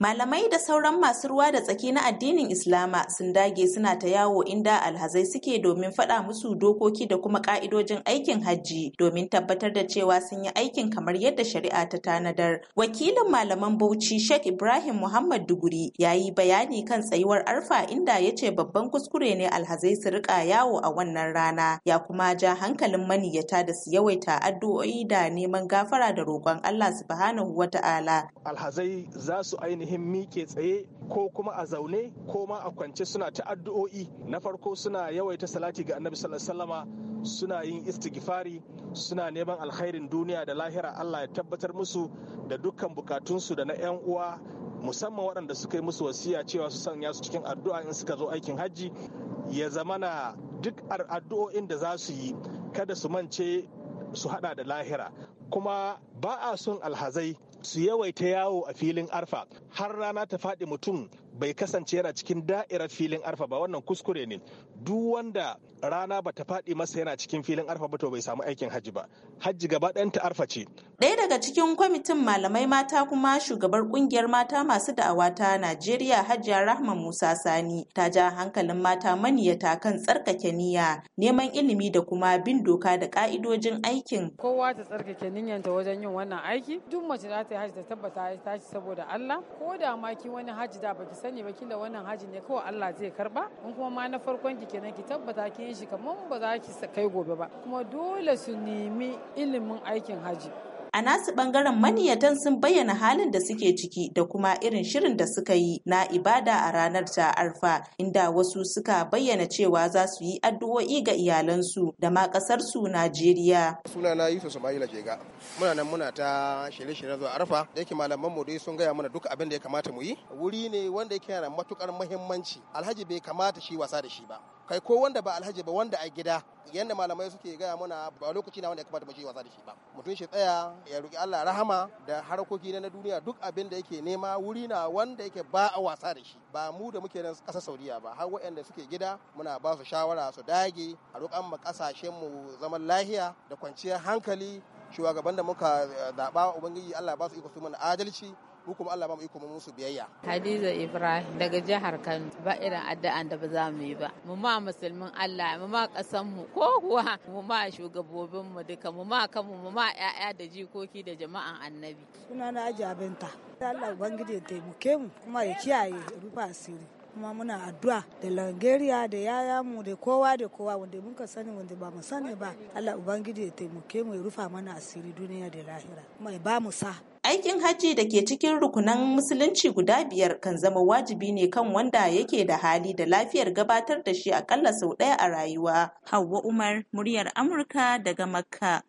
Malamai da sauran masu ruwa da tsaki na addinin Islama sun dage suna ta yawo inda alhazai suke domin faɗa musu dokoki da kuma ƙa'idojin aikin hajji domin tabbatar da cewa sun yi aikin kamar yadda shari'a ta tanadar. Wakilin malaman Bauchi Sheikh Ibrahim Muhammad Duguri ya yi bayani kan tsayuwar Arfa inda ya ce babban kuskure ne alhazai su riƙa yawo a wannan rana ya kuma ja hankalin maniyyata da su yawaita addu'o'i da neman gafara da roƙon Allah subhanahu ta'ala. Alhazai za su ainihin ainihin miƙe tsaye ko kuma a zaune ko ma a kwance suna ta addu'o'i na farko suna yawaita salati ga annabi sallallahu suna yin istighfari suna neman alkhairin duniya da lahira Allah ya tabbatar musu da dukkan bukatunsu da na 'yan uwa musamman waɗanda suka yi musu wasiya cewa su sanya su cikin addu'a in suka zo aikin hajji ya zamana duk addu'o'in da za su yi kada su mance su hada da lahira kuma ba a son alhazai su yawaita yawo a filin arfa har rana ta faɗi mutum bai kasance yana cikin da'irar filin arfa ba wannan kuskure ne duk wanda rana ta faɗi masa yana cikin filin arfa ba to bai samu aikin hajji ba hajji gaba ɗayan ta arfa ce ɗaya daga cikin kwamitin malamai mata kuma shugabar kungiyar mata masu da'awa ta najeriya hajiya Rahma musa sani ta ja hankalin mata maniyata kan tsarkake niyya neman ilimi da kuma bin doka da ka'idojin aikin kowa ta tsarkake niyyanta wajen yin wannan aiki duk mace za ta yi hajji ta tabbata ta ci saboda allah ko da ma ki wani hajji da baki sani ba kila wannan hajji ne kawai Allah zai karba in kuma ma na farkon ki kenan ki tabbata kin shi kamar ba za ki kai gobe ba kuma dole su nemi ilimin aikin hajji a nasu bangaren maniyatan sun bayyana halin da suke ciki da kuma irin shirin da suka yi na ibada a ranar ta arfa inda wasu suka bayyana cewa za su yi addu'o'i ga iyalansu da ma kasar su Najeriya. na Yusuf Sumaila Jega. Muna nan muna ta shirye-shirye zuwa arfa da yake malaman mu dai sun gaya mana duk abin da ya kamata mu yi. Wuri ne wanda yake yana matukar muhimmanci. Alhaji bai kamata shi wasa da shi ba. kai ko wanda ba alhaji ba wanda a gida yadda malamai suke gaya mana ba lokaci na wanda ya kamata mu yi wasa da shi ba mutum shi tsaya ya roki Allah rahama da harkoki na duniya duk abin da yake nema wuri na wanda yake ba a wasa da shi ba mu da muke nan ƙasa Saudiya ba har waɗanda suke gida muna ba su shawara su dage a roƙan mu ƙasashen mu zaman lahiya da kwanciyar hankali shugaban da muka eh, zaba ubangiji Allah ba su iko su mana adalci mu kuma Allah ba mu iko mu musu biyayya Hadiza Ibrahim daga jihar Kano ba irin addu'an da ba za mu yi ba mu ma musulmin Allah mu ma kasan mu ko kuwa mu ma shugabobin mu duka mu ma kanmu mu ma ƴaƴa da jikoki da jama'an annabi sunana Ajabinta Allah ubangiji ya taimake mu kuma ya kiyaye rufa asiri kuma muna addu'a da Langeria da yaya mu da kowa da kowa wanda muka sani wanda ba mu sani ba Allah ubangiji ya taimake mu ya rufa mana asiri duniya da lahira kuma ya ba mu sa aikin hajji da ke cikin rukunan musulunci guda biyar kan zama wajibi ne kan wanda yake da hali da lafiyar gabatar da shi akalla sau ɗaya a rayuwa. Hauwa Umar, muryar Amurka daga Makka.